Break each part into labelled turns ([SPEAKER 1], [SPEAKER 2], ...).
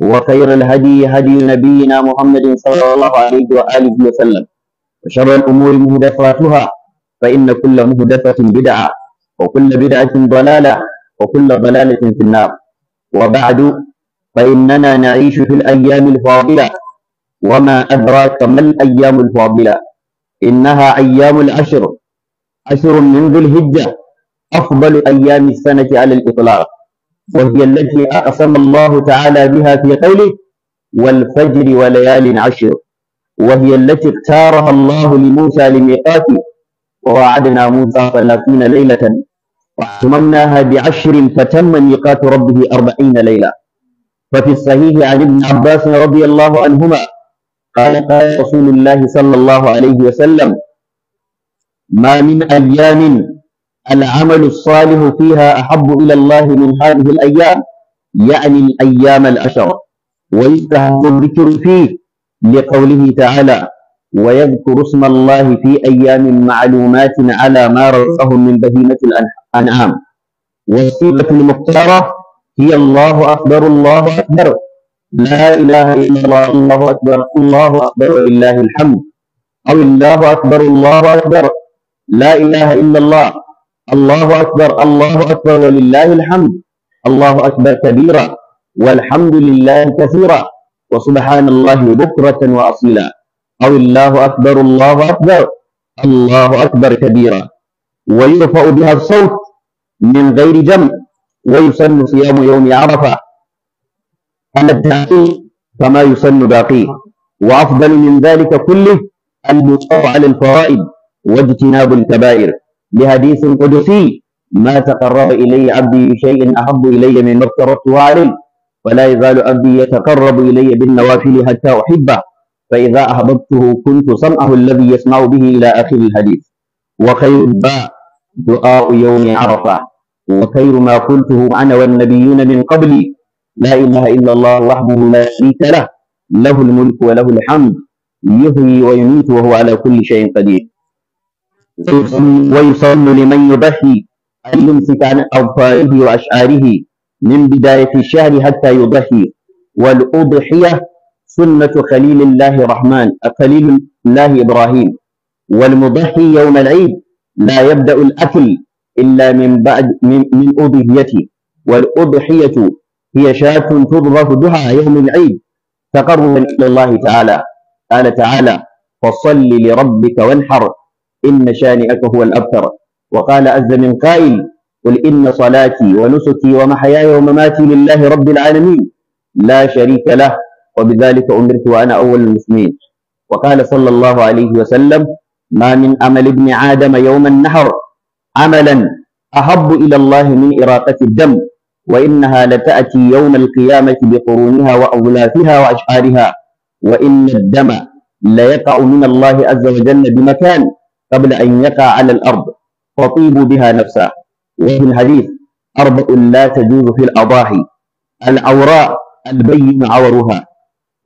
[SPEAKER 1] وخير الهدي هدي نبينا محمد صلى الله عليه وآله وسلم وشر الأمور مهدفاتها فإن كل مهدفة بدعة وكل بدعة ضلالة وكل ضلالة في النار وبعد فإننا نعيش في الأيام الفاضلة وما أدراك ما الأيام الفاضلة إنها أيام العشر عشر من ذي الهجة أفضل أيام السنة على الإطلاق وهي التي أقسم الله تعالى بها في قوله والفجر وليال عشر وهي التي اختارها الله لموسى لميقاته ووعدنا موسى ثلاثين ليلة وأتممناها بعشر فتم ميقات ربه أربعين ليلة ففي الصحيح عن ابن عباس رضي الله عنهما قال قال رسول الله صلى الله عليه وسلم ما من أيام العمل الصالح فيها أحب إلى الله من هذه الأيام يعني الأيام العشر ويستحب الذكر فيه لقوله تعالى ويذكر اسم الله في أيام معلومات على ما رزقهم من بهيمة الأنعام والسورة المختارة هي الله أكبر الله أكبر لا إله إلا الله الله أكبر الله أكبر ولله الحمد أو الله أكبر الله أكبر لا إله إلا الله الله أكبر الله أكبر ولله الحمد الله أكبر كبيرا والحمد لله كثيرا وسبحان الله بكرة وأصيلا أو الله أكبر الله أكبر الله أكبر كبيرا ويرفع بها الصوت من غير جمع ويسن صيام يوم عرفة أن التعقيد كما يسن باقيه وأفضل من ذلك كله المصطفى على الفرائض واجتناب الكبائر لحديث قدسي ما تقرب إلي عبدي بشيء أحب إلي مما افترضته عليه ولا يزال عبدي يتقرب إلي بالنوافل حتى أحبه فإذا أحببته كنت سمعه الذي يسمع به إلى آخر الحديث وخير الدعاء دعاء يوم عرفة وخير ما قلته أنا والنبيون من قبلي لا إله إلا الله وحده لا شريك له له الملك وله الحمد يحيي ويميت وهو على كل شيء قدير ويصل لمن يضحي أن يمسك عن أظفاره وأشعاره من بداية الشهر حتى يضحي والأضحية سنة خليل الله الرحمن خليل الله إبراهيم والمضحي يوم العيد لا يبدأ الأكل إلا من بعد من, من أضحيته والأضحية هي شاة تضرب دعاء يوم العيد تقربا إلى الله تعالى قال تعالى فصل لربك وانحر إن شانئك هو الأبتر وقال عز من قائل قل إن صلاتي ونسكي ومحياي ومماتي لله رب العالمين لا شريك له وبذلك أمرت وأنا أول المسلمين وقال صلى الله عليه وسلم ما من عمل ابن آدم يوم النحر عملا أحب إلى الله من إراقة الدم وإنها لتأتي يوم القيامة بقرونها وأغلافها وأشعارها وإن الدم ليقع من الله عز وجل بمكان قبل أن يقع على الأرض فطيبوا بها نفسا وفي الحديث أربع لا تجوز في الأضاحي العوراء البين عورها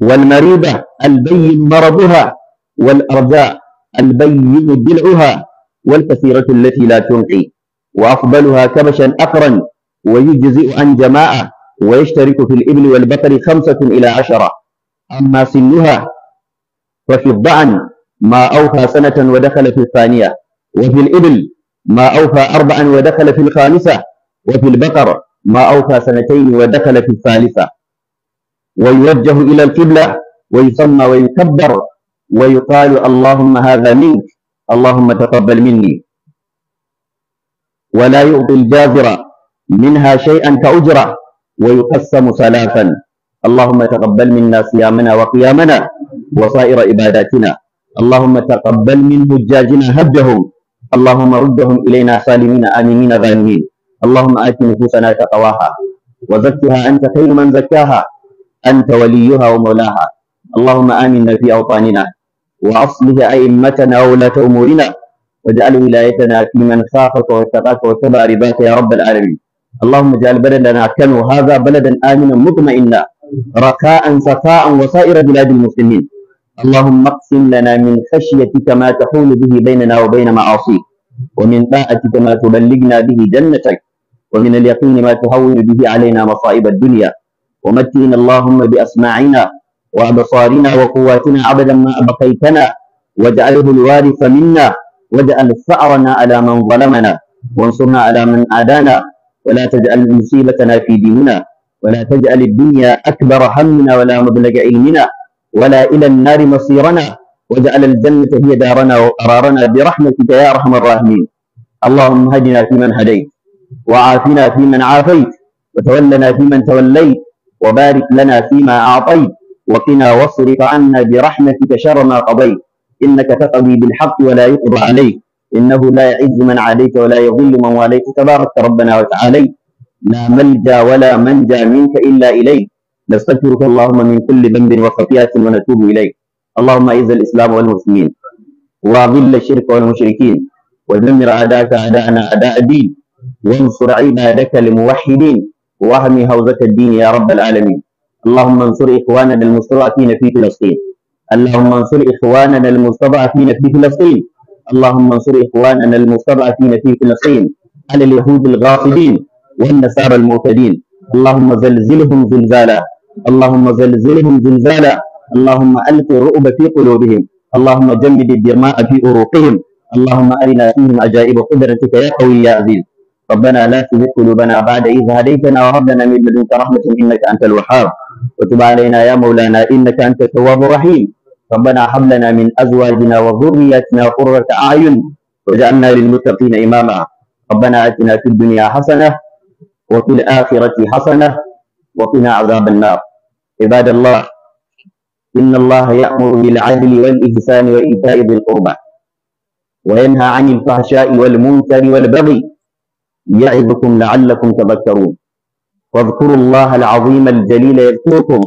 [SPEAKER 1] والمريضة البين مرضها والأرجاء البين دلعها والكثيرة التي لا تنقي وأفضلها كبشا أقرا ويجزئ عن جماعة ويشترك في الإبل والبقر خمسة إلى عشرة أما سنها ففي الضعن ما أوفى سنة ودخل في الثانية وفي الإبل ما أوفى أربعا ودخل في الخامسة وفي البقر ما أوفى سنتين ودخل في الثالثة ويوجه إلى القبلة ويسمى ويكبر ويقال اللهم هذا منك اللهم تقبل مني ولا يعطي الجازرة منها شيئا كأجرة ويقسم ثلاثا اللهم تقبل منا صيامنا وقيامنا وصائر عباداتنا اللهم تقبل من حجاجنا هجهم اللهم ردهم إلينا سالمين آمنين غانمين اللهم آت نفوسنا تقواها وزكها أنت خير من زكاها أنت وليها ومولاها اللهم آمنا في أوطاننا واصلح أئمتنا وولاة أمورنا واجعل ولايتنا في من خافك واتقاك واتبع رضاك يا رب العالمين اللهم اجعل بلدنا كنو هذا بلدا آمنا مطمئنا رخاء سخاء وسائر بلاد المسلمين اللهم اقسم لنا من خشيتك ما تحول به بيننا وبين معاصيك ومن طاعتك ما تبلغنا به جنتك ومن اليقين ما تهون به علينا مصائب الدنيا ومتئنا اللهم بأسماعنا وأبصارنا وقواتنا أبدا ما أبقيتنا واجعله الوارث منا واجعل ثأرنا على من ظلمنا وانصرنا على من عادانا ولا تجعل مصيبتنا في ديننا ولا تجعل الدنيا أكبر همنا ولا مبلغ علمنا ولا إلى النار مصيرنا واجعل الجنة هي دارنا وقرارنا برحمتك يا أرحم الراحمين اللهم هدنا فيمن هديت وعافنا فيمن عافيت وتولنا فيمن توليت وبارك لنا فيما أعطيت وقنا واصرف عنا برحمتك شر ما قضيت إنك تقضي بالحق ولا يقضى عليك إنه لا يعز من عليك ولا يضل من واليك تبارك ربنا وتعالي لا ملجا ولا منجا منك إلا إليك نستغفرك اللهم من كل ذنب وخطيئة ونتوب إليك اللهم أعز الإسلام والمسلمين وأذل الشرك والمشركين ودمر أعداءك أعداءنا أعداء الدين وانصر عبادك الموحدين واهم هوزة الدين يا رب العالمين اللهم انصر إخواننا المستضعفين في فلسطين اللهم انصر إخواننا المستضعفين في فلسطين اللهم انصر إخواننا المستضعفين في فلسطين على اليهود الغاصبين والنصارى المعتدين اللهم زلزلهم زلزالا اللهم زلزلهم زلزالا اللهم ألق الرؤب في قلوبهم اللهم جمد الدماء في أروقهم اللهم أرنا فيهم عجائب قدرتك يا قوي يا عزيز ربنا لا تزغ قلوبنا بعد إذ هديتنا وهب لنا من لدنك رحمة إنك أنت الوهاب وتب علينا يا مولانا إنك أنت التواب الرحيم ربنا هب لنا من أزواجنا وذرياتنا قرة أعين وجعلنا للمتقين إماما ربنا آتنا في الدنيا حسنة وفي الآخرة حسنة وقنا عذاب النار عباد الله إن الله يأمر بالعدل والإحسان وإيتاء ذي القربى وينهى عن الفحشاء والمنكر والبغي يعظكم لعلكم تذكرون واذكروا الله العظيم الجليل يذكركم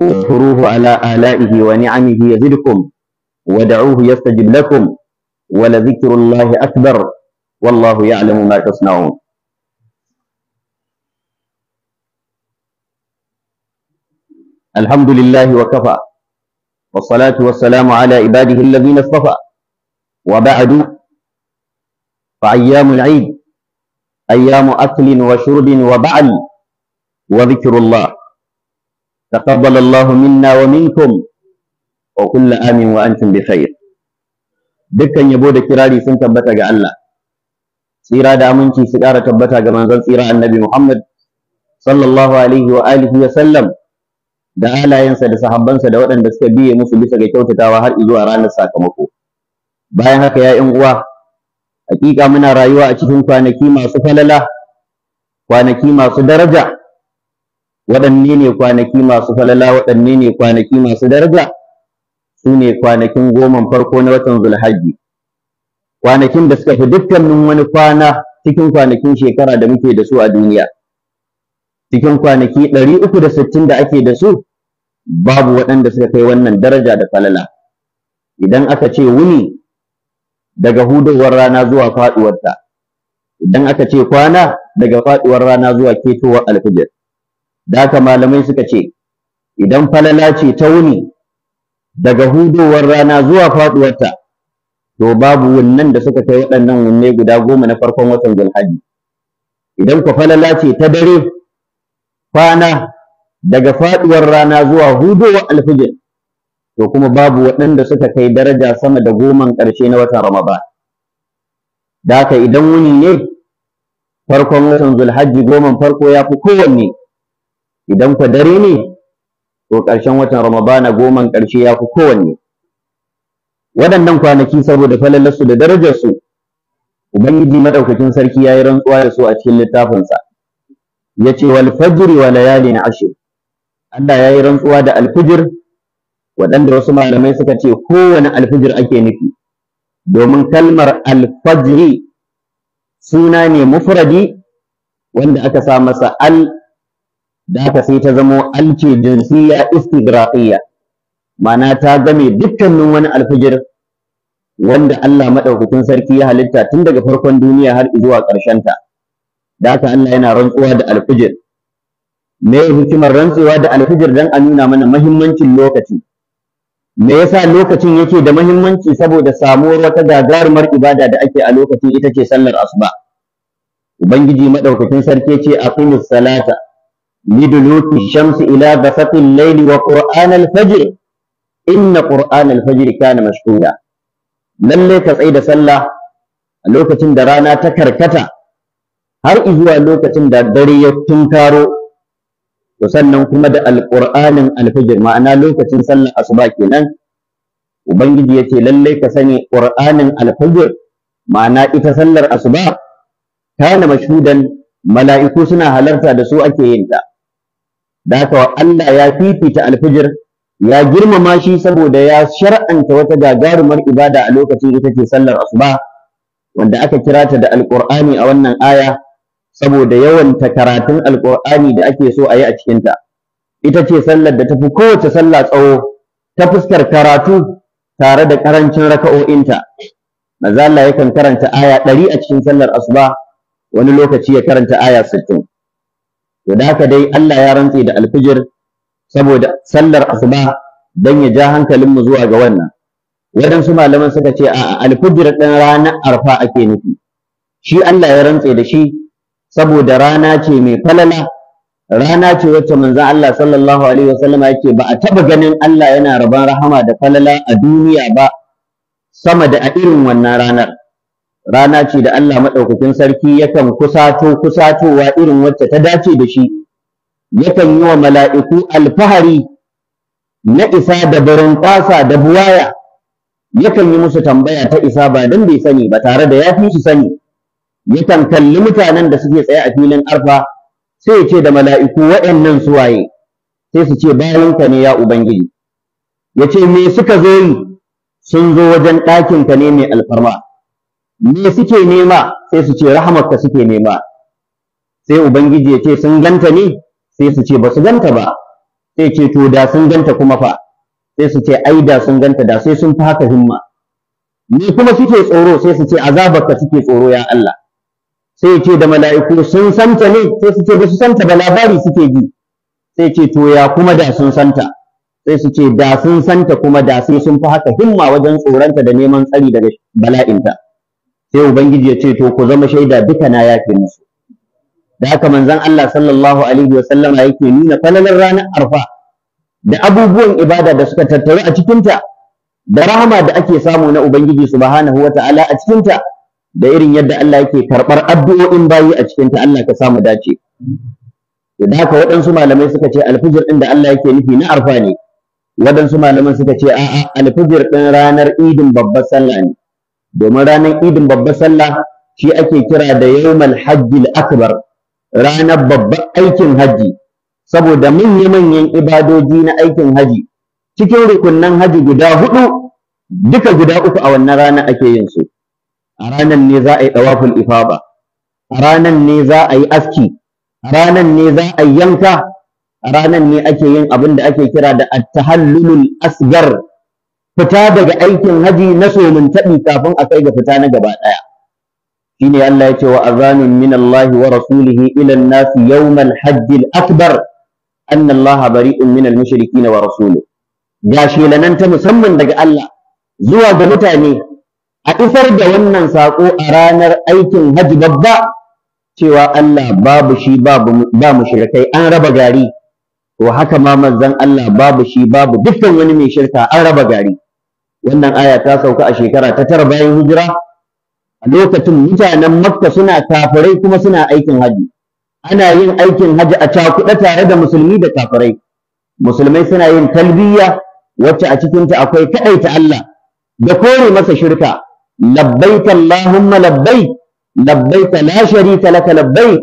[SPEAKER 1] واذكروه على آلائه ونعمه يزدكم ودعوه يستجب لكم ولذكر الله أكبر والله يعلم ما تصنعون الحمد لله وكفى والصلاة والسلام على عباده الذين اصطفى وبعد فأيام العيد أيام أكل وشرب وبعل وذكر الله تقبل الله منا ومنكم وكل عام وأنتم بخير دكا يبود كرالي سنة بتاجة الله سيرا دامنكي سيارة بتاجة منزل سيرا النبي محمد صلى الله عليه وآله وسلم da halayensa da sahabbansa da waɗanda suka biye musu bisa ga kyautatawa har zuwa ranar sakamako bayan haka ya ƴan uwa hakika muna rayuwa a cikin kwanaki masu falala kwanaki masu daraja waɗanne ne kwanaki masu falala waɗanne ne kwanaki masu daraja su ne kwanakin goman farko na watan Zulhaji? kwanakin da suka fi dukkanin wani kwana cikin kwanakin shekara da muke da su a duniya cikin kwanaki ɗari uku da sittin da ake da su babu waɗanda suka kai wannan daraja da falala idan aka ce wuni daga hudowar rana zuwa faɗuwarta idan aka ce kwana daga faɗuwar rana zuwa ketowar alfijir da haka malamai suka ce idan falala ce ta wuni daga hudowar rana zuwa faɗuwarta to babu wannan da suka kai waɗannan wunne guda goma na farkon watan zulhaji idan ku falala ce ta dare kwana daga faduwar rana zuwa hudowar alfijir to kuma babu waɗanda suka kai daraja sama da goman ƙarshe na watan Ramadan da haka idan wuni ne farkon watan Zulhajji goman farko ya fi kowanne idan kwa dare ne to ƙarshen watan Ramadana goman ƙarshe ya fi kowanne waɗannan kwanaki saboda falalarsu da darajarsu ubangiji madaukakin sarki ya yi rantsuwa da su a cikin littafinsa ya ce wal fajri wa layalin ashr Allah ya yi rantsuwa da alfijir waɗanda wasu malamai suka ce kowane alfijir ake nufi domin kalmar alfajiri suna ne mufradi wanda aka sa masa al da aka sai ta zamo alce jinsiya istigrafiya, ma'ana ta game dukkanin wani alfijir wanda Allah madaukakin sarki ya halitta tun daga farkon duniya har zuwa ƙarshenta ta da aka Allah yana rantsuwa da alfijir me hikimar rantsewa da alfijir dan a nuna mana mahimmancin lokaci me yasa lokacin yake da mahimmanci saboda samuwar wata gagarumar ibada da ake a lokacin ita ce sallar asuba ubangiji madaukakin sarki ce aqimus salata liduluki shamsi ila basatil layli wa qur'an inna qur'an fajiri kana mashhuda lalle ka tsai da sallah a lokacin da rana ta karkata har zuwa lokacin da dare ya tunkaro to sannan kuma da Alƙur'anin Alfijir ma'ana lokacin sallar asuba kenan ubangiji ya ce lallai ka sani ƙur'anin Alfijir ma'ana ita sallar asuba kana mashudan mala'iku suna halarta da su ake yin ta da haka Allah ya fifita Alfijir ya girmama shi saboda ya shar'anta wata gagarumar ibada a lokacin ita ce sallar asuba wanda aka kira ta da Alƙur'ani a wannan aya saboda yawanta karatun alƙur'ani da ake so a yi a cikinta ita ce sallar da tafi kowace sallah tsawo ta fuskar karatu tare da ƙarancin raka'o'inta manzo Allah yakan karanta aya ɗari a cikin sallar asuba wani lokaci ya karanta aya sittin to da haka dai Allah ya rantse da alfijir saboda sallar asuba dan ya ja hankalin mu zuwa ga wannan waɗansu malaman suka ce a alfijir ɗin rana arfa ake nufi shi Allah ya rantse da shi saboda rana ce mai falala rana ce wacce manzan Allah sallallahu alaihi wasallama yake ba a taba ganin Allah yana rabon rahama da falala a duniya ba sama da a irin wannan ranar rana ce da Allah maɗaukakin sarki yakan kusato kusatowa irin wacce ta dace da shi yakan yi wa mala'iku alfahari na isa da barin ƙasa da buwaya yakan yi musu tambaya ta isa ba don bai sani ba tare da ya fi su sani yakan kalli mutanen da suke tsaye a filin arfa sai ya ce da mala'iku waɗannan suwaye sai su ce bayanka ne ya ubangiji ya ce me suka zo yi sun zo wajen ɗakinka ne mai alfarma me suke nema sai su ce rahamarka suke nema sai ubangiji ya ce sun ganta ne sai su ce ba su ganta ba sai ce to da sun ganta kuma fa sai su ce ai da sun ganta da sai sun fi haka himma ni kuma suke tsoro sai su ce azabarka suke tsoro ya Allah sai ce da mala'iku sun santa ne sai su ce ba su santa ba labari suke ji sai ce to ya kuma da sun santa sai su ce da sun santa kuma da sai sun fi haka himma wajen tsoronta da neman tsari daga bala'inta sai ubangiji ya ce to ku zama shaida duka na ke musu da haka manzon Allah sallallahu alaihi wa sallama yake nuna falalar ranar arfa da abubuwan ibada da suka tattaru a cikinta da rahama da ake samu na ubangiji subhanahu wa ta'ala a cikinta da irin yadda Allah yake karɓar addu'o'in bayi a cikin ta Allah ka samu dace da haka waɗansu malamai suka ce alfijir ɗin da Allah yake nufi na arfa ne waɗansu malaman suka ce a'a alfijir ɗin ranar idin babbar sallah ne domin ranar idin babbar sallah shi ake kira da yawmal hajjil akbar ranar babbar aikin hajji saboda manya-manyan ibadoji na aikin haji cikin rukunnan haji guda huɗu, duka guda uku a wannan rana ake yin su a ranan ne za a yi dawaful Ifaba? a ranan ne za a yi aski a ranan ne za a yi yanka a ranan ne ake yin abin da ake kira da attahallulul tahallulul asgar fita daga aikin haji na somin taɓi kafin a kai ga fita na gaba ɗaya shine Allah ya ce wa azanin min Allah wa rasulihi ila an-nas yawm al-hajj al-akbar anna Allah bari'un min al-mushrikeen wa rasuluhu gashi lanan ta musamman daga Allah zuwa ga mutane a isar da wannan sako a ranar aikin hajji babba cewa Allah babu shi babu ba mushrikai an raba gari to haka ma manzon Allah babu shi babu dukkan wani mai shirka an raba gari wannan aya ta sauka a shekara ta tara bayan hijira a lokacin mutanen Makka suna kafirai kuma suna aikin hajji ana yin aikin hajji a cakuɗe tare da musulmi da kafirai musulmai suna yin talbiya wacce a cikinta akwai kaɗaita Allah da kore masa shirka labbaik allahumma labbaik labbaik la sharika laka labbaik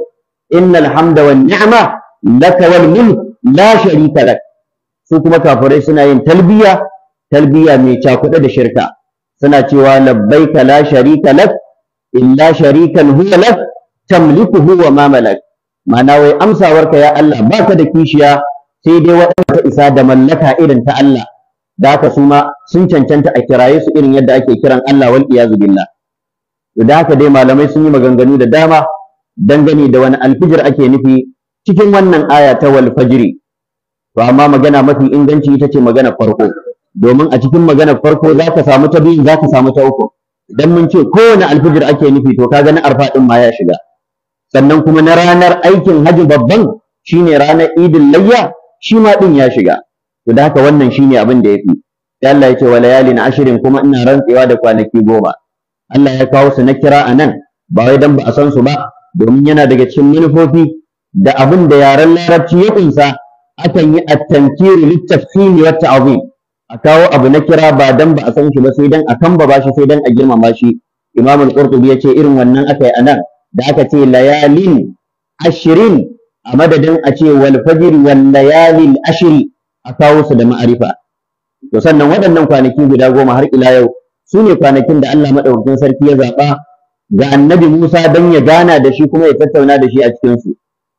[SPEAKER 1] innal hamda wan ni'ma laka wal mulk la sharika lak su kuma kafirai suna yin talbiya talbiya mai cakuɗe da shirka suna cewa labbaika la sharika lak illa sharikan huwa lak tamlikuhu wa ma malak ma'ana wai amsawarka ya Allah baka da kishiya sai dai waɗanda ta isa da mallaka irin ta Allah da haka su ma sun cancanta a kiraye su irin yadda ake kiran Allah wal iyazu billah da haka dai malamai sun yi maganganu da dama dangane da wani alfijir ake nufi cikin wannan aya ta wal fajri to amma magana mafi inganci ita ce magana farko domin a cikin maganar farko za ka samu ta biyu za ka samu ta uku idan mun ce kowane alfijir ake nufi to ka gani arfa din ma ya shiga sannan kuma na ranar aikin hajji babban shine ranar idin layya shi ma din ya shiga to da haka wannan shine abin da yafi sai Allah ya ce wa layalin ashirin kuma ina rantsewa da kwanaki goma Allah ya kawo su na kira anan ba wai dan ba a san su ba domin yana daga cikin manufofi da abin da yaren larabci ya kunsa akan yi at-tankiru lit-tafsiri wa ta'zim a kawo abu na kira ba dan ba a san shi ba sai dan a kamba ba shi sai dan a girmama shi Imam al-Qurtubi ce irin wannan aka yi a nan da aka ce layalin ashirin a madadin a ce wal fajr wal layalin ashiri a kawo su da ma'arifa to sannan waɗannan kwanaki guda goma har ila yau su ne kwanakin da Allah maɗaukakin sarki ya zaɓa ga annabi Musa don ya gana da shi kuma ya tattauna da shi a cikinsu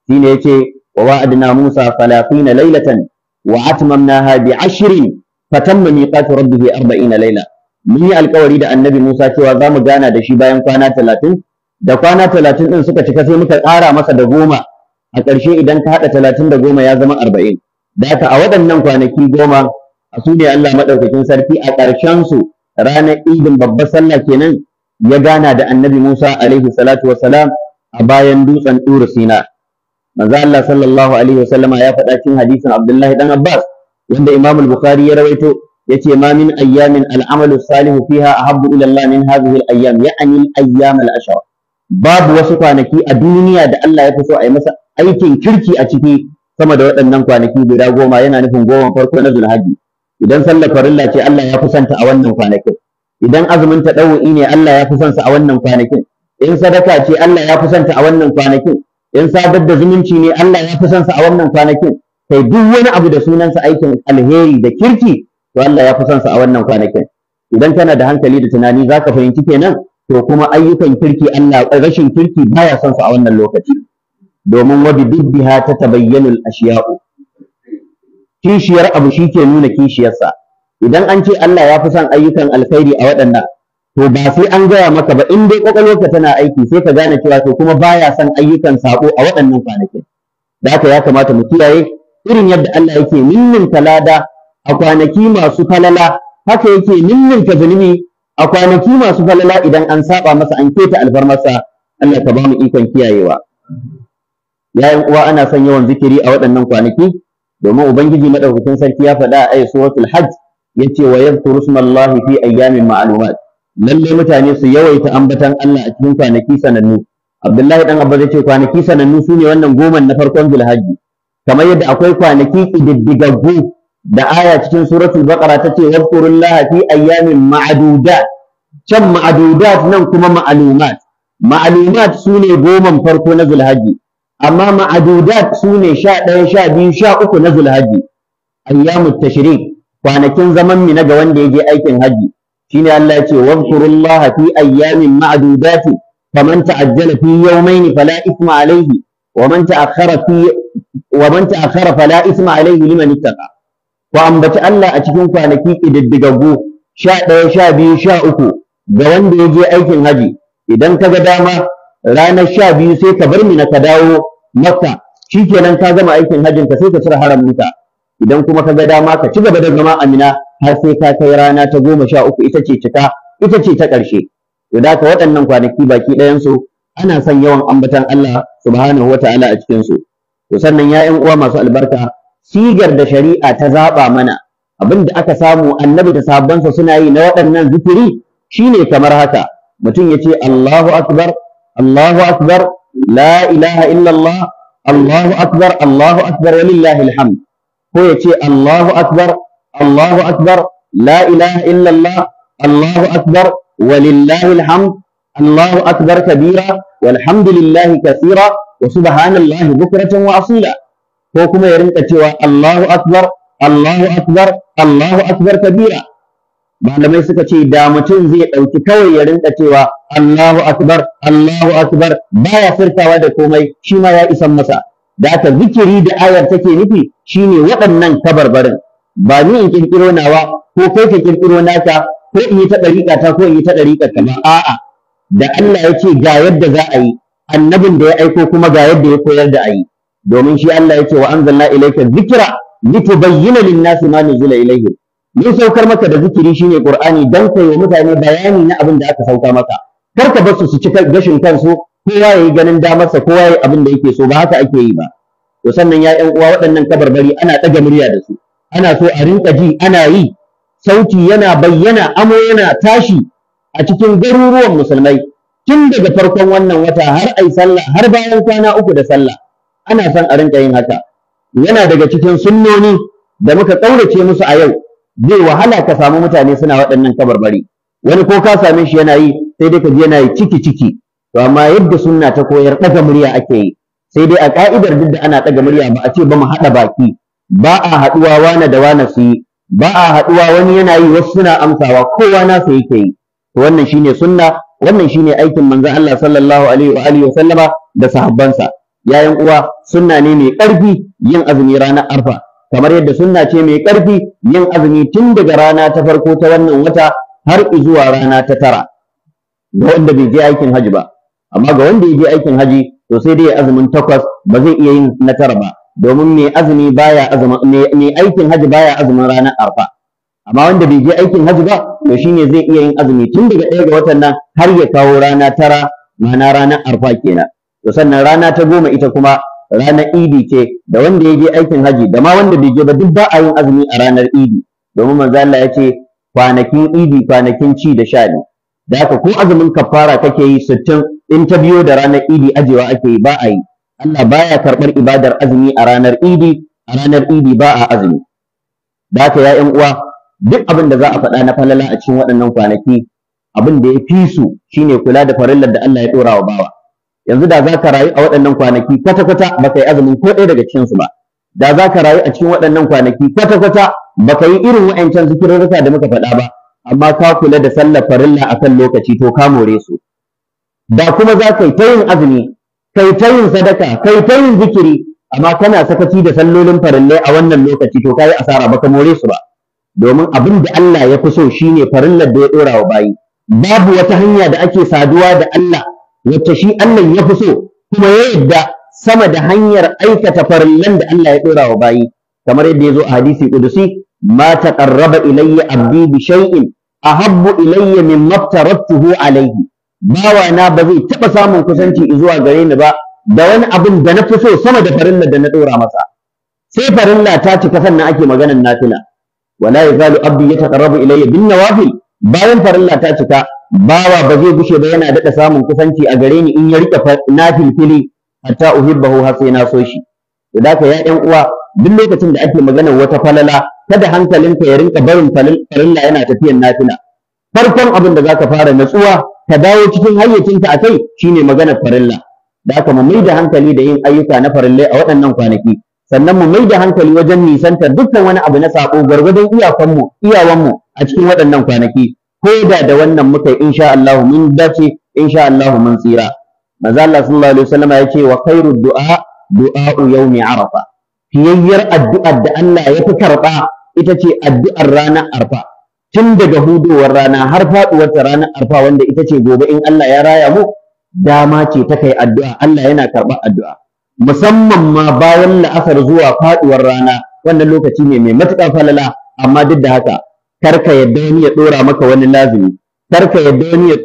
[SPEAKER 1] shi ne ya ce wa wa'adna Musa falafina lailatan wa atmamnaha bi ashirin fatamma miqatu rabbih arba'ina laila mun yi alkawari da annabi Musa cewa za mu gana da shi bayan kwana talatin da kwana talatin ɗin suka cika sai muka ƙara masa da goma a ƙarshe idan ka haɗa talatin da goma ya zama arba'in da a waɗannan kwanaki goma a su ne Allah maɗaukakin sarki a ƙarshen su ranar idin babbar sallah kenan ya gana da annabi Musa alaihi salatu wasalam a bayan dutsen ɗuru Sina manzo Allah sallallahu alaihi wasallama ya faɗa cikin hadisin Abdullahi dan Abbas wanda Imam bukhari ya rawaito yace ma min ayyamin al'amalu salihu fiha ahabbu ila Allah min hadhihi al-ayyam ya'ni al-ayyam al babu wasu kwanaki a duniya da Allah ya fi so a yi masa aikin kirki a ciki sama da waɗannan kwanaki guda goma yana nufin goma farko na zulhaji idan sallar farilla ce Allah ya kusanta a wannan kwanakin idan azumin ta ɗau'i ne Allah ya kusansa a wannan kwanakin in sadaka ce Allah ya kusanta a wannan kwanakin in sadar da zumunci ne Allah ya kusansa a wannan kwanakin kai duk wani abu da sunansa aikin alheri da kirki to Allah ya kusansa a wannan kwanakin idan kana da hankali da tunani zaka fahimci kenan to kuma ayyukan kirki Allah rashin kirki baya son a wannan lokaci domin wa bididdiha ta tabayyanul ashiya'u kishiyar abu shi ke nuna kishiyarsa idan an ce Allah ya fi son ayyukan alkhairi a waɗannan to ba sai an gaya maka ba in dai kwakwalwarka tana aiki sai ka gane cewa to kuma baya son ayyukan sako a waɗannan kwanakin da haka ya kamata mu kiyaye irin yadda Allah yake ninnin lada a kwanaki masu falala haka yake ninnin ka zunubi a kwanaki masu falala idan an saba masa an keta albarmarsa Allah ka ba mu ikon kiyayewa yayin uwa ana son yawan zikiri a waɗannan kwanaki domin ubangiji madaukakin sarki ya faɗa a suratul hajj yace wa yadhkuru smallahi fi ayyamin ma'lumat lalle mutane su yawaita ambatan Allah a cikin kwanaki sanannu Abdullahi dan abba yace kwanaki sanannu sune wannan goma na farkon Zulhajji kamar yadda akwai kwanaki kididdigaggu da aya cikin suratul baqara tace yadhkurullaha fi ayyamin ma'dudat can ma'dudat nan kuma ma'lumat ma'lumat sune goman farko na Zulhajji amma ma'adudat su ne sha ɗaya sha biyu sha uku na zulhaji ayyamu tashrik kwanakin zaman mina ga wanda ya je aikin haji shine Allah ya ce wazkurullaha fi ayyamin ma'adudati faman ta'ajjala fi yawmayn fala ithma alayhi ومن تأخر Fala ومن تأخر فلا إثم عليه ambaci Allah a cikin kwanaki كانكي Sha ɗaya, sha biyu, sha uku ga wanda ya je aikin haji idan ka ga dama ranar sha biyu sai ka bar na ka dawo makka kenan ka gama aikin hajjin ka sai ka cire haraminka idan kuma ka ga dama ka ci gaba da zama amina har sai ka kai rana ta goma sha uku ita ce cika ita ce ta ƙarshe to da waɗannan kwanaki baki ɗayansu ana son yawan ambatan Allah subhanahu wa ta'ala a cikinsu to sannan ya ƴan uwa masu albarka sigar da shari'a ta zaɓa mana abin da aka samu annabi da sabonsa suna yi na waɗannan zikiri shine kamar haka mutum ya ce Allahu akbar Allahu akbar la ilaha illallah Allahu akbar Allahu akbar walillahi alhamd ko ya ce Allahu akbar Allahu akbar la ilaha illallah Allahu akbar walillahi alhamd Allahu akbar kabira walhamdulillahi kathira wa subhanallahi bukratan wa asila ko kuma ya rinka cewa Allahu akbar Allahu akbar Allahu akbar kabira malamai suka ce da mutum zai ɗauki kawai ya rinka cewa Allahu akbar Allahu akbar baya furtawa da komai shi ma ya isan masa da aka zikiri da ayar take nufi shine waɗannan kabarbarin ba ni in kirkiro nawa ko kai ka kirkiro naka ko in yi ta ɗariƙa ta ko in yi ta ɗariƙa ta ba a'a da Allah ya ce ga yadda za a yi annabin da ya aiko kuma ga yadda ya koyar da a yi domin shi Allah ya ce wa anzalna ilayka dhikra litubayyana lin-nasi ma nuzila ilayhim me saukar maka da zikiri shine qur'ani dan kai mutane bayani na abin da aka sauka maka kar ka bar su ci gashin kansu kowa yayi ganin damarsa kowa yayi abin da yake so ba haka ake yi ba to sannan ya ƴan uwa waɗannan kabarbari ana ɗaga murya da su ana so a rinka ji ana yi sauti yana bayyana amo yana tashi a cikin garuruwan musulmai tun daga farkon wannan wata har ai sallah har bayan kwana uku da sallah ana son a rinka yin haka yana daga cikin sunnoni da muka ƙaurace musu a yau zai wahala ka samu mutane suna waɗannan kabarbari wani ko ka same shi yana yi sai dai ka ji yana yi ciki ciki to amma yadda sunna ta koyar ɗaga murya ake yi sai dai a ka'idar duk da ana ɗaga murya ba a ce ba mu haɗa baki ba a haɗuwa wani da wani su yi ba a haɗuwa wani yana yi wasu suna amsawa kowa su yake yi wannan shine sunna wannan shine aikin manzon Allah sallallahu alaihi wa alihi wa sallama da sahabbansa yayan uwa sunna ne mai ƙarfi yin azumi ranar arfa kamar yadda sunna ce mai ƙarfi yin azumi tun daga rana ta farko ta wannan wata har zuwa rana ta tara ga wanda bai je aikin haji ba amma ga wanda ya je aikin haji to sai dai azumin takwas ba zai iya yin na tara ba domin mai azumi baya azumi mai aikin haji baya azumin ranar arfa amma wanda bai je aikin haji ba to shine zai iya yin azumi tun daga ɗaya ga watan nan har ya kawo rana tara ma'ana ranar arfa kenan to sannan rana ta goma ita kuma ranar idi ce da wanda ya je aikin haji da ma wanda bai je ba duk ba a yin azumi a ranar idi domin manzo Allah ya ce kwanakin idi kwanakin ci da sha ne da haka ko azumin kafara kake yi sittin in ta biyo da ranar idi ajewa ake yi ba a yi Allah baya karɓar ibadar azumi a ranar idi a ranar idi ba a azumi da haka ya ƴan uwa duk abin da za a faɗa na falala a cikin waɗannan kwanaki abin da ya fi su shine kula da farillar da Allah ya ɗora wa bawa yanzu da za ka rayu a waɗannan kwanaki kwata-kwata ba ka yi azumin ko ɗaya daga cikinsu ba da za ka rayu a cikin waɗannan kwanaki kwata-kwata ba ka yi irin wa'ancan zikirarruka da muka faɗa ba amma ka kula da sallar farilla a kan lokaci to ka more su da kuma za ka yi ta yin azumi kai ta yin sadaka kai ta yin zikiri amma kana sakaci da sallolin farillai a wannan lokaci to ka yi asara ba ka more su ba domin abin da Allah ya fi so shine farillar da ya ɗora wa bayi babu wata hanya da ake saduwa da Allah wacce shi Allah ya fi so kuma ya yadda sama da hanyar aikata farillan da Allah ya dora wa bayi kamar yadda ya zo a hadisi qudusi ma taqarraba ilayya abdi bi shay'in ahabbu ilayya mimma tarattuhu alayhi bawa na ba zai taba samun kusanci zuwa gare ni ba da wani abin da na fi so sama da farillar da na dora masa sai farilla ta cika sannan ake maganar nafila wala yazalu abdi yataqarrabu ilayya bin nawafil bayan farilla ta cika bawa ba zai gushe ba yana daɗa samun kusanci a gare ni in ya riƙe nafilfili hatta uhibbahu har sai na so shi to da ka ya 'yan uwa duk lokacin da ake maganar wata falala kada hankalinka ya rinka barin farilla yana tafiyan nafila farkon abin da zaka fara natsuwa ka dawo cikin hayyacinka a kai shine maganar farilla da haka mu mai da hankali da yin ayyuka na farillai a waɗannan kwanaki sannan mu mai da hankali wajen nisantar dukkan wani abu na sako, gwargwadon iyakanmu iyawanmu a cikin waɗannan kwanaki Koda da wannan muka yi insha Allah mun dace insha Allah mun tsira manzo Allah sallallahu alaihi wasallam ya ce wa khairu du'a du'a'u yawmi arafa fiyayyar addu'ar da Allah ya fi karba ita ce addu'ar ranar arfa tun daga hudowar rana har faduwar ta ranar arfa wanda ita ce gobe in Allah ya raya mu dama ce ta addu'a Allah yana karɓa addu'a musamman ma bayan la'asar zuwa faduwar rana wannan lokaci ne mai matuƙar falala amma duk da haka kar ka yadda wani ya dora maka wani lazumi, kar ka yadda wani ya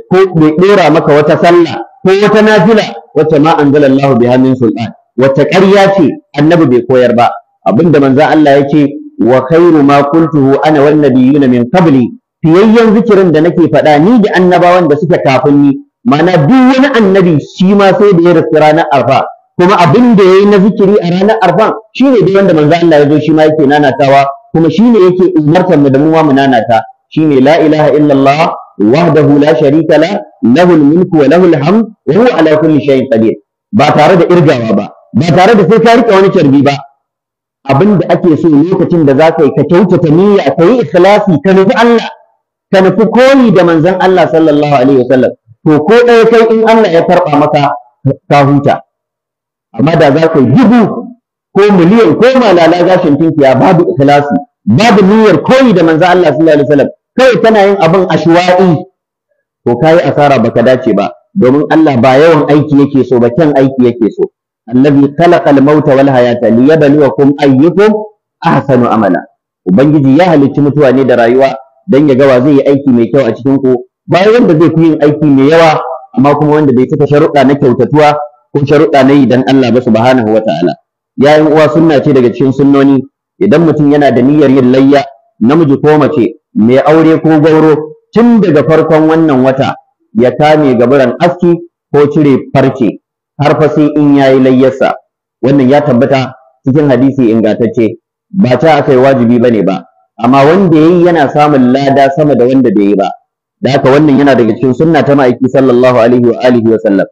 [SPEAKER 1] dora maka wata sallah ko wata nafila wacce ma anzalallahu biha min sultan wata ƙarya ce annabi bai koyar ba abinda manzo Allah yake wa khairu ma ana wan nabiyuna min qabli fiyayyen zikirin da nake faɗa ni da annabawan da suka kafin ni mana duk wani annabi shi ma sai da ya rasu ranar arfa kuma abin da ya yi na zikiri a ranar arfa shi ne dai wanda manzo Allah ya zo shi ma yake nanatawa kuma shi ne yake umartar mu da mu ma munanata shine la ilaha illallah wahdahu la sharika la lahul mulku wa lahul hamd wa huwa ala kulli shay'in qadir ba tare da irgawa ba ba tare da sai ka rike wani carbi ba abin da ake so lokacin da za ka yi ka kyautata niyya ka yi ikhlasi ka nufi Allah ka nufi koyi da manzon Allah sallallahu alaihi wasallam to ko ɗaya kai in Allah ya karɓa maka ka huta amma da za ka yi dubu ko miliyan ko malala gashin tinkiya babu ikhlasi babu niyyar koyi da manzo Allah sallallahu alaihi wasallam kai kana yin abin ashwa'i to kai asara baka dace ba domin Allah ba yawan aiki yake so ba kyan aiki yake so annabi khalaqal mauta wal hayata liyabluwakum ayyukum ahsanu amala ubangiji ya halicci mutuwa ne da rayuwa dan ya ga wa zai yi aiki mai kyau a cikin ku ba wanda zai fi yin aiki mai yawa amma kuma wanda bai cika sharuɗa na kyautatuwa ko sharuɗa na yi dan Allah ba subhanahu wata'ala yayin uwa sunna ce daga cikin sunnoni idan mutum yana da niyyar yin layya namiji ko mace mai aure ko gauro tun daga farkon wannan wata ya kame gaburan aski ko cire farce har fa sai in yayi layyarsa wannan ya tabbata cikin hadisi ingantacce ba ta akai wajibi ba ne ba amma wanda yayi yana samun lada sama da wanda bai yi ba da haka wannan yana daga cikin sunna ta ma'aiki sallallahu alaihi wa alihi wa sallam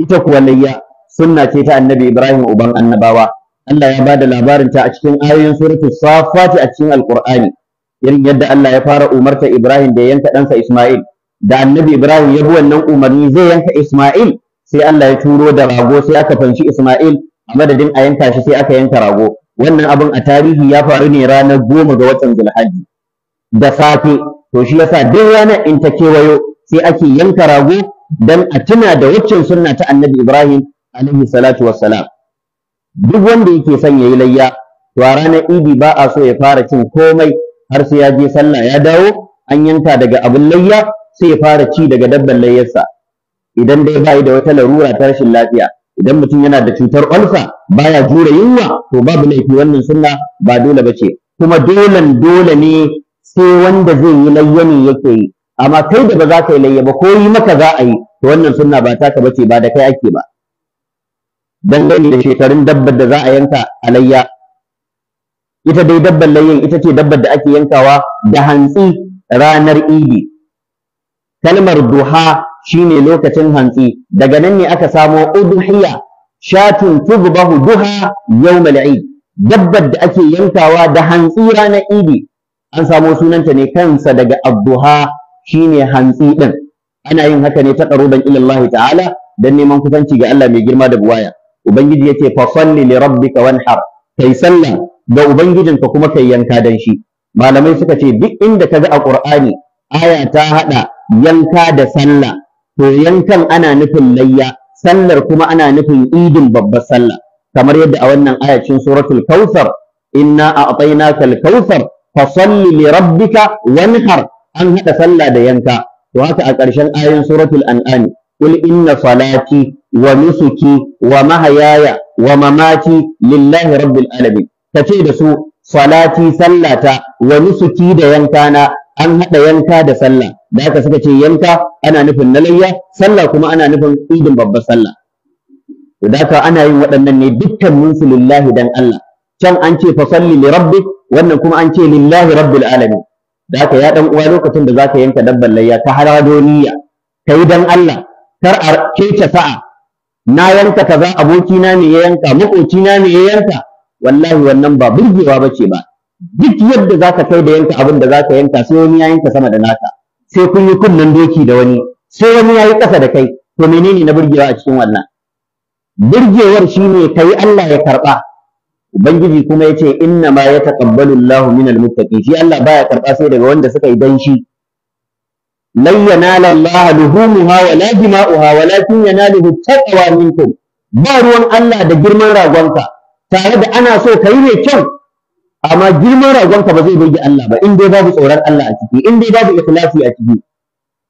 [SPEAKER 1] ita kuwa layya sunna ce ta annabi Ibrahim uban annabawa Allah ya bada labarin ta a cikin ayoyin suratu safati a cikin alqur'ani irin yadda Allah ya fara umarta Ibrahim da yanka ɗansa Isma'il da annabi Ibrahim ya bi wannan umarni zai yanka Isma'il sai Allah ya turo da rago sai aka fanshi Isma'il a madadin a yanka shi sai aka yanka rago wannan abin a tarihi ya faru ne ranar goma ga watan Zulhajji da safe to shi yasa duk ranar in ta kewayo sai ake yanka rago dan a tuna da waccan sunna ta annabi Ibrahim alaihi salatu wassalam duk wanda yake son ya yi layya to a ranar idi ba a so ya fara cin komai har sai ya je sallah ya dawo an yanka daga abin layya sai ya fara ci daga dabban layyarsa idan dai yi da wata larura ta rashin lafiya idan mutum yana da cutar olsa baya jure yunwa to babu laifi wannan sunna ba dole ba ce. kuma dolan dole ne sai wanda zai yi layya ne yake yi amma kai da ba za ka yi layya ba ko yi maka za a yi to wannan sunna ba taka bace ba da kai ake ba dangane da shekarun dabbar da za a yanka alayya ita dai dabbar layyan ita ce dabbar da ake yankawa da hantsi ranar idi kalmar duha shine lokacin hantsi daga nan ne aka samo Uduhiya, shatun tuzbahu duha yau eid dabbar da ake yankawa da hantsi ranar idi an samo sunanta ne kansa daga abduha shine hantsi ɗin. ana yin haka ne ta qaruban ila ta'ala don neman kusanci ga Allah mai girma da buwaya ubangiji yace fa salli li rabbika wanhar kai sallah ga ubangijinka kuma kai yanka dan shi malamai suka ce duk inda ka ga a qur'ani aya ta hada yanka da sallah to yankan ana nufin layya sallar kuma ana nufin idin babbar sallah kamar yadda a wannan aya cikin suratul kautsar inna a'tainaka al-kautsar fa salli li rabbika wanhar an hada sallah da yanka to haka a ƙarshen ayoyin suratul an'am qul inna salati wa nusuki wa mahayaya wa mamaci lillahi rabbil alamin kace da su salati sallata wa nusuki da yanka na an haɗa yanka da sallah da haka suka ce yanka ana nufin na sallah kuma ana nufin idin babbar sallah da haka ana yin waɗannan ne dukkan munsu lillahi dan Allah can an ce fa salli li rabbik wannan kuma an ce lillahi rabbil alamin da haka ya dan uwa lokacin da zaka yanka dabban layya ta harado niyya kai dan Allah kar a kece sa'a na yanka kaza abokina ne ya yanka maƙocina ne ya yanka wallahi wannan ba burgewa bace ba duk yadda zaka kai da yanka abin da zaka yanka sai wani ya yanka sama da naka sai kun yi kunnen doki da wani sai wani ya yi ƙasa da kai to menene na burgewa a cikin wannan burgewar shine kai Allah ya karɓa ubangiji kuma ya yace inna ma yataqabbalu Allahu minal muttaqin shi Allah baya karɓa sai daga wanda suka yi danshi. lan yanala Allah luhumuha wa la dima'uha walakin yanaluhu taqwa minkum ba ruwan Allah da girman ragonka tare da ana so ka yi mai kyau amma girman ragonka ba zai burge Allah ba in dai babu tsoron Allah a ciki in dai babu ikhlasi a ciki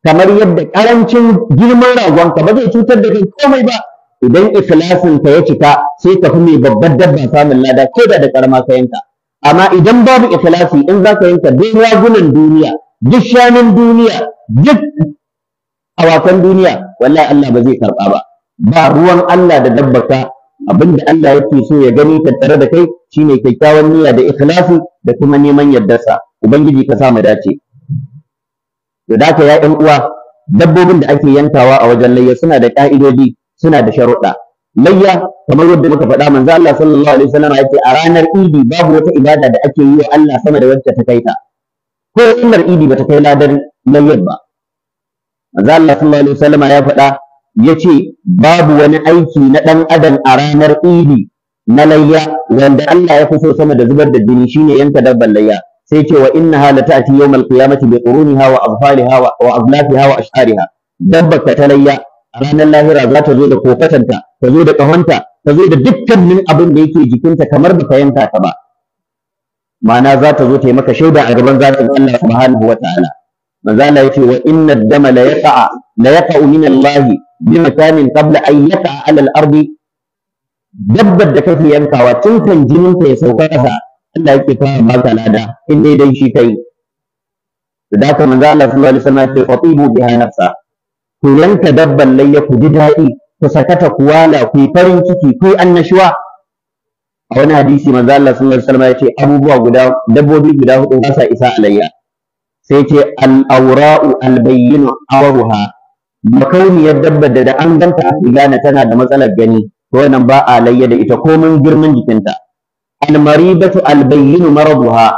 [SPEAKER 1] kamar yadda karancin girman ragonka ba zai cutar da kai komai ba idan ikhlasin ka ya cika sai ka fi mai babbar dabba samun lada ko da da karama ka yanka amma idan babu ikhlasi in za ka yanka duk ragunan duniya duk shanun duniya duk awakan duniya wallahi Allah ba zai karɓa ba ba ruwan Allah da dabbaka abinda Allah yake so ya gani tattare da kai shine kyakkyawan niyya da ikhlasi da kuma neman yardarsa ubangiji ka sa mu dace to da ya ɗan uwa dabbobin da ake yankawa a wajen layya suna da ƙa'idodi suna da sharuɗa layya kamar yadda muka faɗa manzo Allah sallallahu alaihi wasallam yake a ranar idi babu wata ibada da ake yi wa Allah sama da wacce ta kaita ko illar idi bata kai ladar layyar ba manzo Allah sallallahu alaihi wasallam ya faɗa yace babu wani aiki na dan adam a ranar idi na layya wanda Allah ya fi sama da zubar da jini shine yanka dabban layya sai ce wa innaha latati yawmal qiyamati bi quruniha wa azfaliha wa azlafiha wa ashariha dabbar ta layya a ranar lahira za ta zo da kofatanta ta zo da kahonta ta zo da dukkanin abin da yake jikinta kamar baka yanka ta ba ma'ana za ta zo ta yi maka shaida a gaban zatin Allah subhanahu wa ta'ala manzo Allah yace wa inna ad-dama la yaqa la yaqa min Allah bi makanin qabla an yaqa 'ala al-ardi dabbar da kake yankawa tun kan jinin ta ya sauka kasa Allah yake fara maka lada in dai dai shi kai da haka manzo Allah sallallahu alaihi wasallam yace qatibu biha nafsa ku yanka dabban layya ku ji daɗi ku sakata ku wala ku farin ciki ku annashuwa a wani hadisi manzo Allah sallallahu alaihi wasallam ya ce abubuwa guda dabbobi guda hudu ba isa alayya sai yace al-awra'u al-bayyinu awruha makauniyar dabbar da an ganta a gane tana da matsalar gani to wannan ba a layya da ita komin girman jikinta al-maridatu al-bayyinu maraduha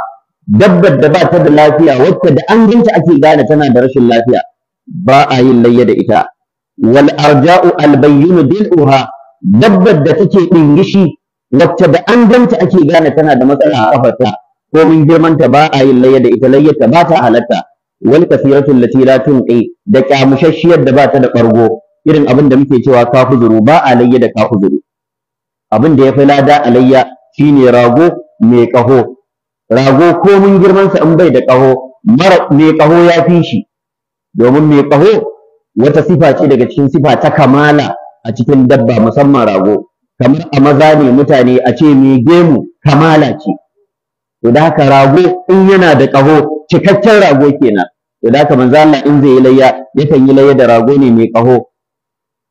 [SPEAKER 1] dabbar da ba ta da lafiya wacce da an ganta ake gane tana da rashin lafiya ba a yin layya da ita wal arja'u al-bayyinu dil'uha dabbar da take dingishi wacce da an ganta ake gane tana da matsala a kafarta ko mun girmanta ba a yin layya da ita layyata ba ta halatta wal kasiratul lati la tunqi da kyamushashiyar da ba ta da bargo irin abin da muke cewa kafuzuru ba a layya da kafuzuru abin da ya fi lada alayya shine rago mai kaho rago ko mun girmansa in bai da kaho mara mai kaho ya fi shi domin mai kaho wata sifa ce daga cikin sifa ta kamala a cikin dabba musamman rago kamar a maza ne mutane a ce mai gemu kamala ce idan da haka rago in yana da ƙaho cikakken rago kenan idan da haka manzo Allah in zai yi layya yakan yi layya da rago ne mai ƙaho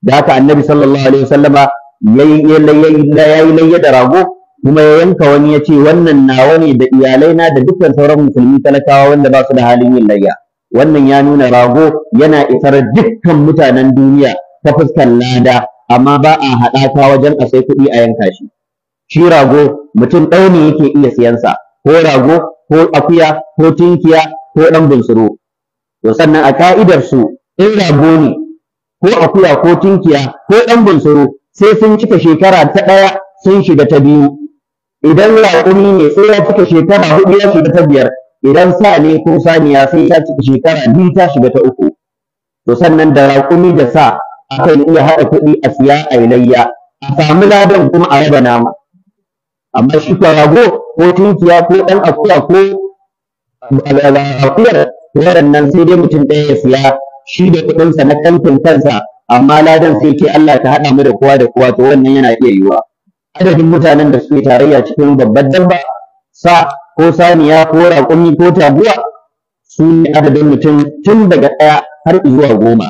[SPEAKER 1] da haka annabi sallallahu alaihi wasallama yayi yayi layya da rago kuma ya yanka wani ya ce wannan nawa ne da iyalai na da dukkan sauran musulmi talakawa wanda ba su da halin yin layya wannan ya nuna rago yana isar dukkan mutanen duniya ta fuskar lada amma ba a haɗaka wajen a sai kuɗi a yanka shi shi rago mutum ɗau ne yake iya siyansa ko rago ko akuya ko tinkiya ko ɗan bunsuru to sannan a ka'idar su in rago ne ko akuya ko tinkiya ko ɗan bunsuru sai sun cika shekara ta ɗaya sun shiga ta biyu idan raƙumi ne sai ya cika shekara huɗu ya shiga ta biyar idan sa ne ko saniya sai ta cika shekara biyu ta shiga ta uku to sannan da raƙumi da sa akan iya haɗa kuɗi a siya a layya a samu ladan kuma a raba nama amma shi ko rago ko tunkiya ko ɗan akuya ko akuyar nan sai dai mutum ɗaya ya siya shi da kuɗinsa na kantin kansa amma ladan sai ke Allah ta haɗa mu da kowa da kowa to wannan yana iya yiwuwa adadin mutanen da suke tarayya cikin babbar dabba sa ko saniya ko raƙumi ko taguwa su ne adadin mutum tun daga ɗaya har zuwa goma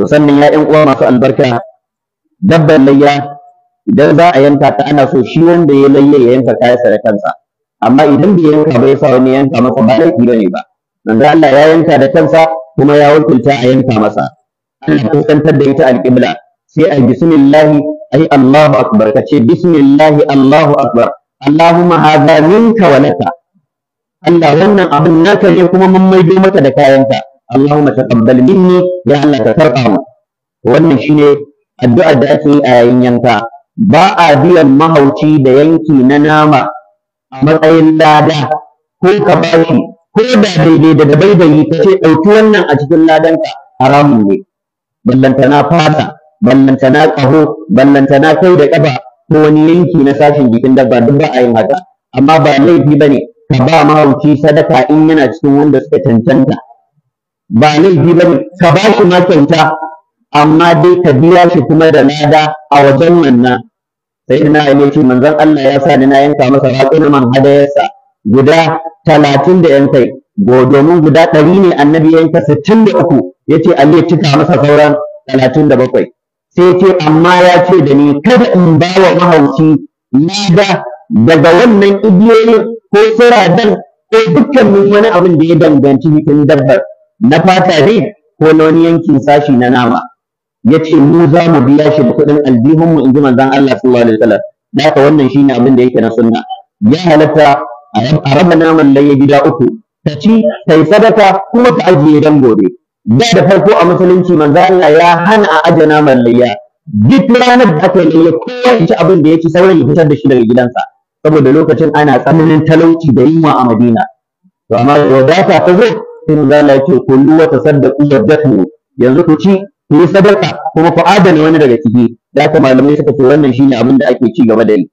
[SPEAKER 1] to sannan ya ƴan uwa masu albarka dabbar layya idan za a yanka ta ana so shi wanda ya layya ya yanka sa da kansa amma idan bai yanka ba ya sa wani yanka masa ba laifi bane ba manzo Allah ya yanka da kansa kuma ya wakilta a yanka masa Allah kusantar da ita alƙibla sai a bismillah ai Allahu akbar kace bismillah Allahu akbar Allahumma hadha minka wa laka Allah wannan abin naka ne kuma mun maido maka da kayanka Allahumma taqabbal minni ya Allah karɓa wannan shine addu'ar da ake a yayin yanka ba a biyan mahauci da yanki na nama a matsayin lada ko ka bashi ko da daidai da dabaibayi ka ce ɗauki wannan a cikin ladanka haramun ne ballantana fata ballantana ƙaho ballantana kai da ƙafa ko wani yanki na sashen jikin dabba duk ba a yin haka amma ba laifi ba ne ka ba mahauci sadaka in yana cikin wanda suka cancanta ba bi ba ka ba shi ma kyauta amma dai ka biya shi kuma da nada a wajen wannan sai ina ya ce manzon Allah ya sa ni na yanka masa man hadayarsa guda talatin da yan kai domin guda ɗari ne annabi yanka sittin da uku ya ce ya cika masa sauran talatin da bakwai sai ce amma ya ce da ni kada in ba wa mahauci nada, daga wannan igiyoyin ko suradan ko dukkanin wani abin da ya danganci jikin dabbar na fata ne ko na wani yankin sashi na nama ya ce mu za mu biya shi da kuɗin aljihunmu in ji manzon Allah sallallahu alaihi wasallam da haka wannan shine abin da yake na sunna ya halatta a raba naman laye gida uku ta ci ta yi sadaka kuma ta ajiye dan gobe da da farko a musulunci manza Allah ya hana a aje naman layya duk ranar da aka yi kowa ya ci abin da ya ci sauran ya fitar da shi daga gidansa saboda lokacin ana tsananin talauci da yunwa a Madina to amma wadata ta zo sai manzo Allah yake kullu wa tasaddaqu yanzu ku ci ku yi sadaka kuma ku adana wani daga ciki da haka malamai suka ce wannan shine abin da ake ci gaba da yi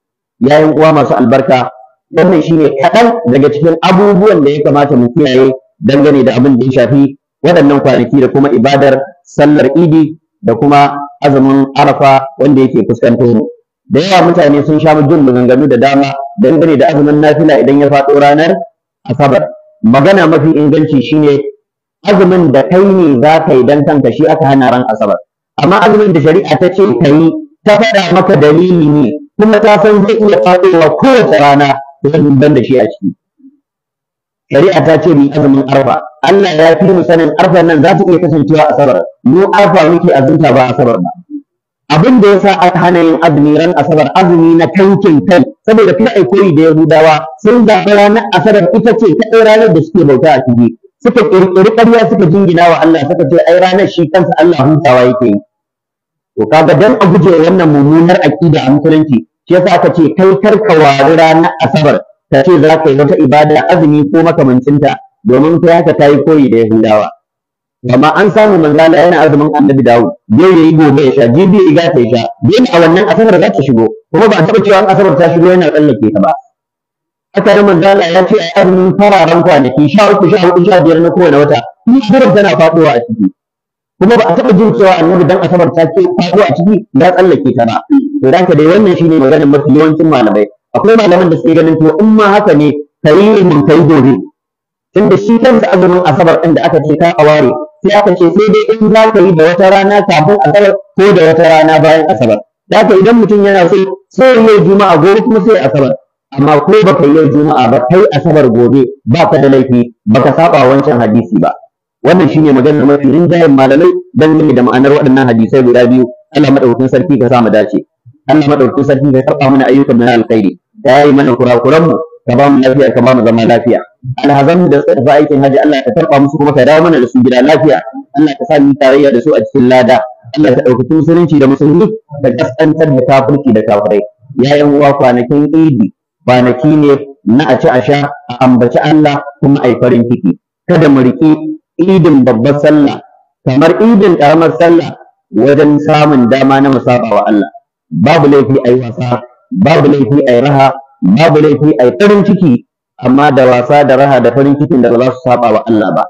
[SPEAKER 1] yayin uwa masu albarka wannan shine kaɗan daga cikin abubuwan da ya kamata mu kiyaye dangane da abin da ya shafi waɗannan kwanaki da kuma ibadar sallar idi da kuma azumin arafa wanda yake fuskanto mu da yawa mutane sun sha jin maganganu da dama dangane da azumin nafila idan ya faɗo ranar asabar magana mafi inganci shine azumin da kai ne za ka yi dan kanka shi aka hana ran asabar amma azumin da shari'a ta ce ka yi ta faɗa maka dalili ne kuma ta san zai iya faɗowa kowace rana zan ban da shi a ciki shari'a ta ce mu azumin arfa Allah ya fi mu sanin arfa nan za ta iya kasancewa asabar mu arfa muke azunta ba asabar ba abin da ya sa a hana yin azumi ran asabar azumi na tankin kai saboda kada ai koyi da yahudawa sun zaɓi ranar asabar ita ce ta ɗaya ranar da suke bauta a cikin suka ƙirƙiri ƙarya suka jingina wa Allah suka ce ai ranar shi kansa Allah hutawa yake yi to kaga dan a guje wannan mummunar aqida a musulunci shi yasa aka ce kai karka wari ranar asabar ta ce za ka yi wata ibada azumi ko makamancinta domin kai haka ta yi koyi da yahudawa amma an samu manzala yana azumin annabi Dawud bai yayi gobe ya sha jibi iga ta sha bin a wannan asabar za ta shigo kuma ba a taba cewa asabar ta shigo yana tsallake ta ba aka da manzala ya ce a azumin fararen kwanaki sha uku sha hudu sha biyar na kowane wata ni shirin tana faduwa a ciki kuma ba a taba jin cewa annabi dan asabar ta ce faduwa a ciki ya tsallake ta ba to dan ka dai wannan shine maganar mafi yawancin malamai akwai malaman da suke ganin to in ma haka ne kai ne kai gobe tunda shi kansa azumin asabar ɗin da aka ce ka a ware sai aka ce sai dai in za ka yi da wata rana kafin asabar ko da wata rana bayan asabar da idan mutum yana so sai yau juma'a gobe kuma sai asabar amma ko baka yi juma'a ba kai asabar gobe ba ka da laifi ba ka saba wancan hadisi ba wannan shine maganar mafi rinjayen malamai dangane da ma'anar waɗannan hadisai guda biyu Allah madaukakin sarki ka sa mu dace Allah madaukakin sarki ka karɓa mana ayyukan na alkhairi ya yi mana kurakuran mu ka ba mu lafiya ka ba mu zama lafiya alhazan da suka tafi aikin haji Allah ka karba musu kuma ka dawo mana da su gida lafiya Allah ka sa tarayya da su a cikin lada Allah ka ɗauki musulunci da musulmi da kaskantar da kafirci da kafirai ya yan uwa kwanakin idi kwanaki ne na a ci a sha a ambaci Allah kuma a yi farin ciki kada mu riƙi idin babbar sallah kamar idin karamar sallah wajen samun dama na musabawa Allah babu laifi a yi wasa babu laifi a yi raha babu laifi a yi farin ciki amma da wasa da raha da farin cikin da ba za su saba wa Allah ba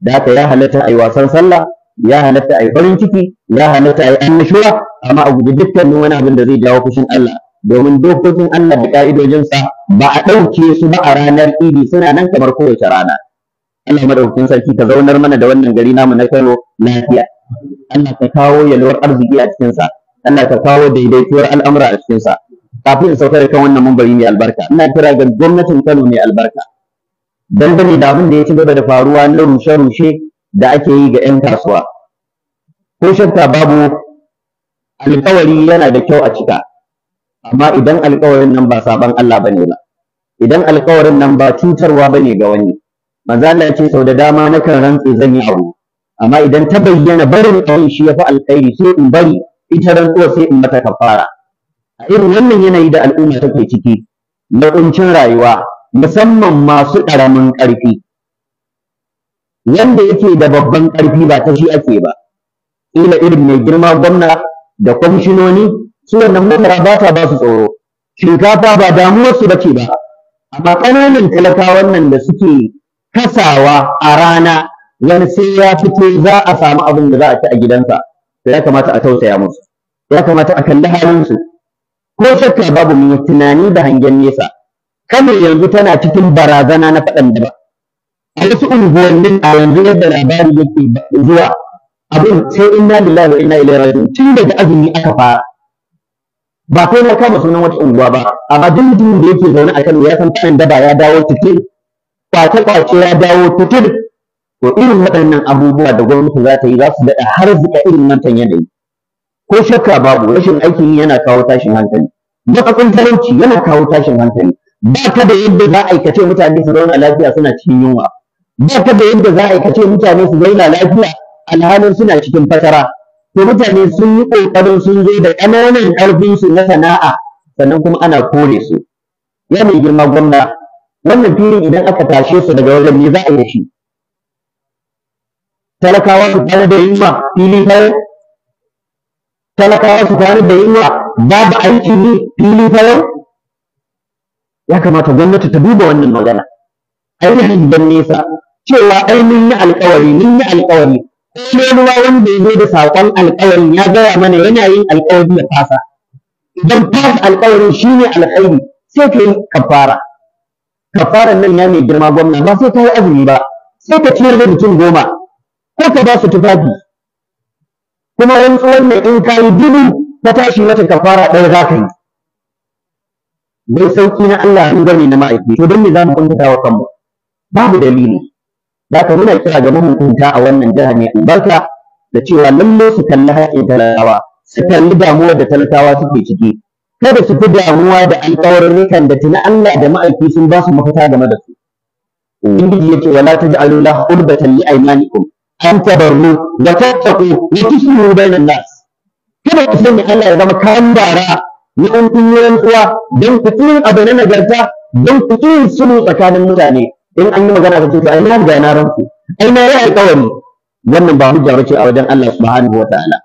[SPEAKER 1] da haka ya halatta a yi wasan sallah ya halatta a yi farin ciki ya halatta a yi annashuwa amma a guji dukkanin wani abin da zai jawo fushin Allah domin dokokin Allah da ka'idojinsa ba a ɗauke su ba a ranar idi suna nan kamar kowace rana Allah madaukakin sarki ka zaunar mana da wannan gari namu na Kano lafiya Allah ka kawo yalwar arziki a cikinsa Allah ka kawo daidaituwar al'amura a cikinsa kafin saukar kan wannan mambari mai albarka ina kira ga gwamnatin Kano mai albarka dangane da abin da ya ci gaba da faruwa na rushe-rushe da ake yi ga 'yan kasuwa ko shakka babu alkawari yana da kyau a cika amma idan alkawarin nan ba saban Allah bane ba idan alkawarin nan ba cutarwa bane ga wani manzo Allah ce sau da dama na kan rantse zan yi abu amma idan ta bayyana barin kai shi ya fi alkhairi sai in bari ita rantsuwa sai in mata kafara irin wannan yanayi da al'umma take ciki na kuncin rayuwa musamman masu ƙaramin ƙarfi wanda yake da babban ƙarfi ba ta shi ake ba ila irin mai girma gwamna da kwamishinoni su wannan mutara ba ta ba su tsoro shinkafa ba damuwarsu ba ce ba amma ƙananan talakawan nan da suke kasawa a rana wani sai ya fito za a samu abin da za a ci a gidansa to ya kamata a tausaya musu ya kamata a kalli halinsu ko shakka babu mai tunani da hangen nesa kamar yanzu tana cikin barazana na faɗan da ba a wasu unguwannin a yanzu yadda labari yake zuwa abin sai inna lillahi wa inna ilaihi raji'un tun daga azumi aka fara ba kai na kama sunan wata unguwa ba amma duk mutumin da yake zaune a Kano ya san da daba ya dawo titir kwace kwace ya dawo titir to irin waɗannan abubuwa da gwamnati za ta yi za su daɗa har zuka irin wannan yanayi ko shakka babu rashin aikin yana kawo tashin hankali matsatsin talauci yana kawo tashin hankali ba ka da yadda za a aikace mutane su zauna lafiya suna cikin yunwa ba ka da yadda za a aikace mutane su zauna lafiya alhalin suna cikin fatara to mutane sun yi kokarin sun zo da ƙananan ƙarfinsu na sana'a sannan kuma ana kore su ya mai girma gwamna wannan filin idan aka tashe su daga wajen ne za a yi shi talakawa su tare da yunwa fili tare talakawa su tare da yunwa babu aiki ne fili fa yau ya kamata gwamnati ta duba wannan magana ainihin dan nesa cewa ai mun yi alkawari mun yi alƙawari shi ruwa wanda ya zo da saƙon alkawari ya gaya mana yana yin alƙawari ya fasa idan fasa alkawari shi ne alkawari sai ka yi kafara kafaran nan ya mai girma gwamna ba sai ka yi azumi ba sai ka ciyar da mutum goma ko ka ba su tufafi kuma rantsuwar ne in ka yi dubu ta tashi mata kafara ɗaya za ka yi bai sauki na Allah sun gani na ma'aiki to don me za mu kuntata wa kanmu babu dalili da ka muna kira ga mahukunta a wannan jiha ne albarka da cewa lalle su kalli haƙƙin talakawa su kalli damuwar da talakawa suke ciki kada su fi damuwa da alƙawarurrukan da tuni Allah da ma'aiki sun ba su mafita game da su ubangiji ce wala taj'alu lahu qurbatan li aymanikum an tabarru wa tattaku wa tuslimu bainan nas kada ku sanya Allah ya zama kayan bara na an kun yi don ku abu na nagarta don ku tsirin tsakanin mutane in an yi magana da ce ai na riga na ranku ai na yi kawai wannan ba hujja bace a wajen Allah subhanahu wa ta'ala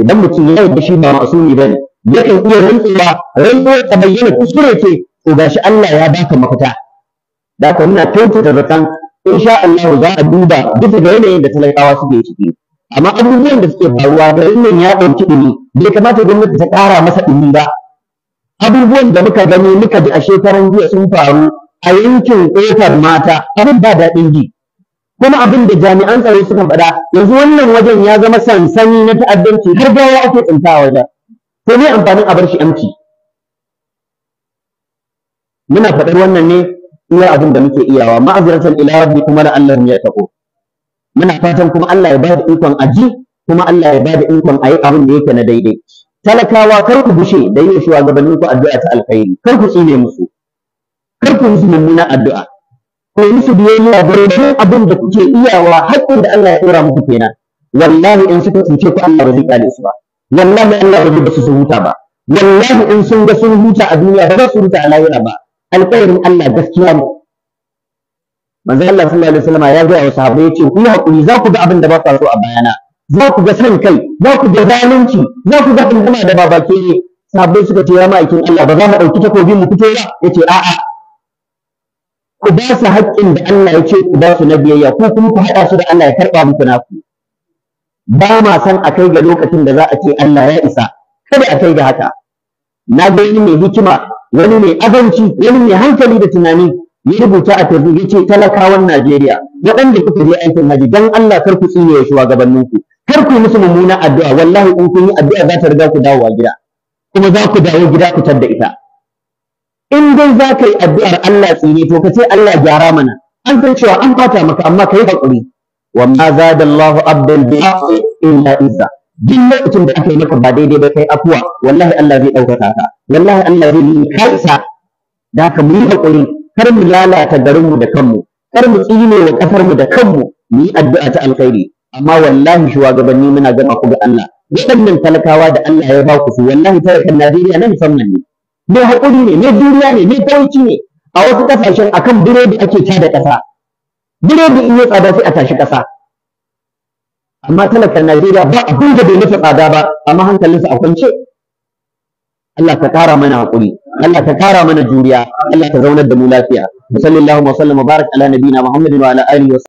[SPEAKER 1] idan mutum ya yi shi ba ne bane yakan iya rantsuwa rantsuwa ta bayyana kuskure ce to gashi Allah ya baka mafita da ka muna tantance zaton insha Allah za a duba duk da yanayin da talakawa suke ciki amma abubuwan da suke faruwa da nan ya ɗauki ɗumi bai kamata gwamnati ta ƙara masa ɗumi ba abubuwan da muka gani muka ji a shekarun jiya sun faru a yankin ƙofar mata abin ba daɗin ji kuma abin da jami'an tsaro suka faɗa yanzu wannan wajen ya zama sansani na ta'addanci har gawa ake tsintawa wajen to me amfanin a bar shi amci muna faɗar wannan ne iya abin da muke iyawa ma'azratan ila da Allah ya yattaqun muna fatan kuma Allah ya bada ikon aji kuma Allah ya bada ikon ayi abin da yake na daidai talakawa kar ku bushe da yin shugabannin ku addu'a ta alkhairi kar ku tsine musu kar ku musu mummuna addu'a ku yi musu biyayya gurbin abin da kuke iyawa haƙƙin da Allah ya tsora muku kenan wallahi in suka cuce ku Allah ba zai kale su ba wallahi Allah ba zai su huta ba wallahi in sun ga sun huta a duniya ba za su huta a ba alƙawarin Allah gaskiya ne manzo Allah sallallahu alaihi wasallam ya gaya wa sahabbai yace ku hakuri za ku ga abin da ba ku so a bayana za ku ga san kai za ku ga zalunci za ku ga abin da babake ne sahabbai suka ce ya ma'aikin Allah ba za mu ɗauki takobi mu fito ba yace a'a ku ba su haƙƙin da Allah ya ce ku ba su na biyayya ko kuma ku haɗa su da Allah ya karɓa muku naku ba ma san a kai ga lokacin da za a ce Allah ya isa kada a kai ga haka na ga mai hikima wani mai azanci wani mai hankali da tunani ya rubuta a tafi ya ce talakawan Najeriya waɗanda kuka je aikin haji don Allah kar ku tsine wa ku. kar ku musu mummuna addu'a wallahi in kun yi addu'a za ta riga ku dawowa gida kuma za ku dawo gida ku da ita in dai za ka yi addu'ar Allah tsine to ka ce Allah gyara mana an san cewa an bata maka amma ka yi haƙuri wa ma zada Allahu abdan bi'a illa izza duk lokacin da aka yi maka ba daidai ba kai afuwa wallahi Allah zai ɗaukaka ka wallahi Allah zai yi kaisa da ka mu yi haƙuri kar mu lalata garinmu da kanmu kar mu tsine wa mu da kanmu mu yi addu'a ta alkhairi amma wallahi shugabanni muna gama ku ga Allah waɗannan talakawa da Allah ya ba ku su wallahi talakan Najeriya na musamman ne mai haƙuri ne mai duniya ne mai kawaici ne a wasu kasashen akan biredi ake tada ƙasa biredi in ya tsada sai a tashi ƙasa amma talakar Najeriya ba abin da bai masa tsada ba amma hankalinsa a kwance Allah ka kara mana hakuri Allah ka kara mana juriya Allah ka zaunar da mu lafiya sallallahu alaihi wa sallam baraka ala nabiyina Muhammadin wa ala alihi